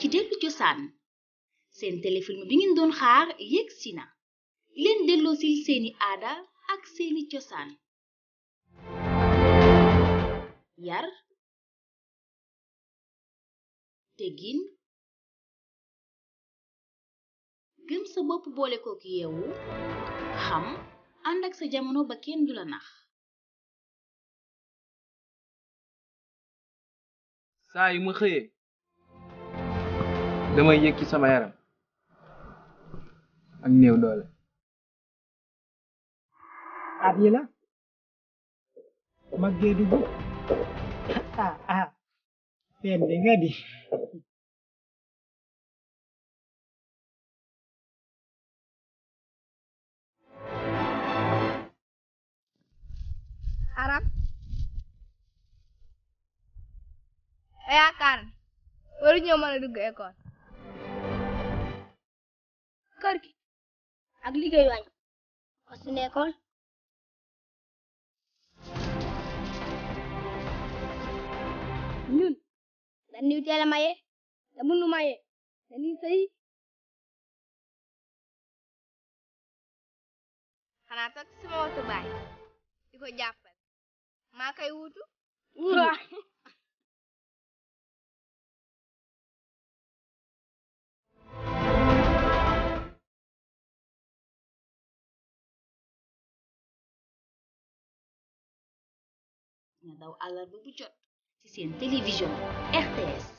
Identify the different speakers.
Speaker 1: ci dellu cosaan seen téléfilm bi ngeen doon xaar yegg si na leen delloo seeni aada ak seeni cosaan yar teggin gëm sa bopp boole ko ki yeewu xam ànd sa jamono ba kenn du la nax saa yu ma xëyee damay yekki sama yaram ak néew doole at yi la maggee dugg ah ah ben de di
Speaker 2: Arab yaakaar waru ñoo mëna dugg école करके अगली गई वाली क्वेश्चन है कौन nun dan ni tela maye da munu maye da ni sai kana tak sama wata bai iko jappal ma kai wutu
Speaker 1: dau alarma bucot. Sisi televisão. RTS.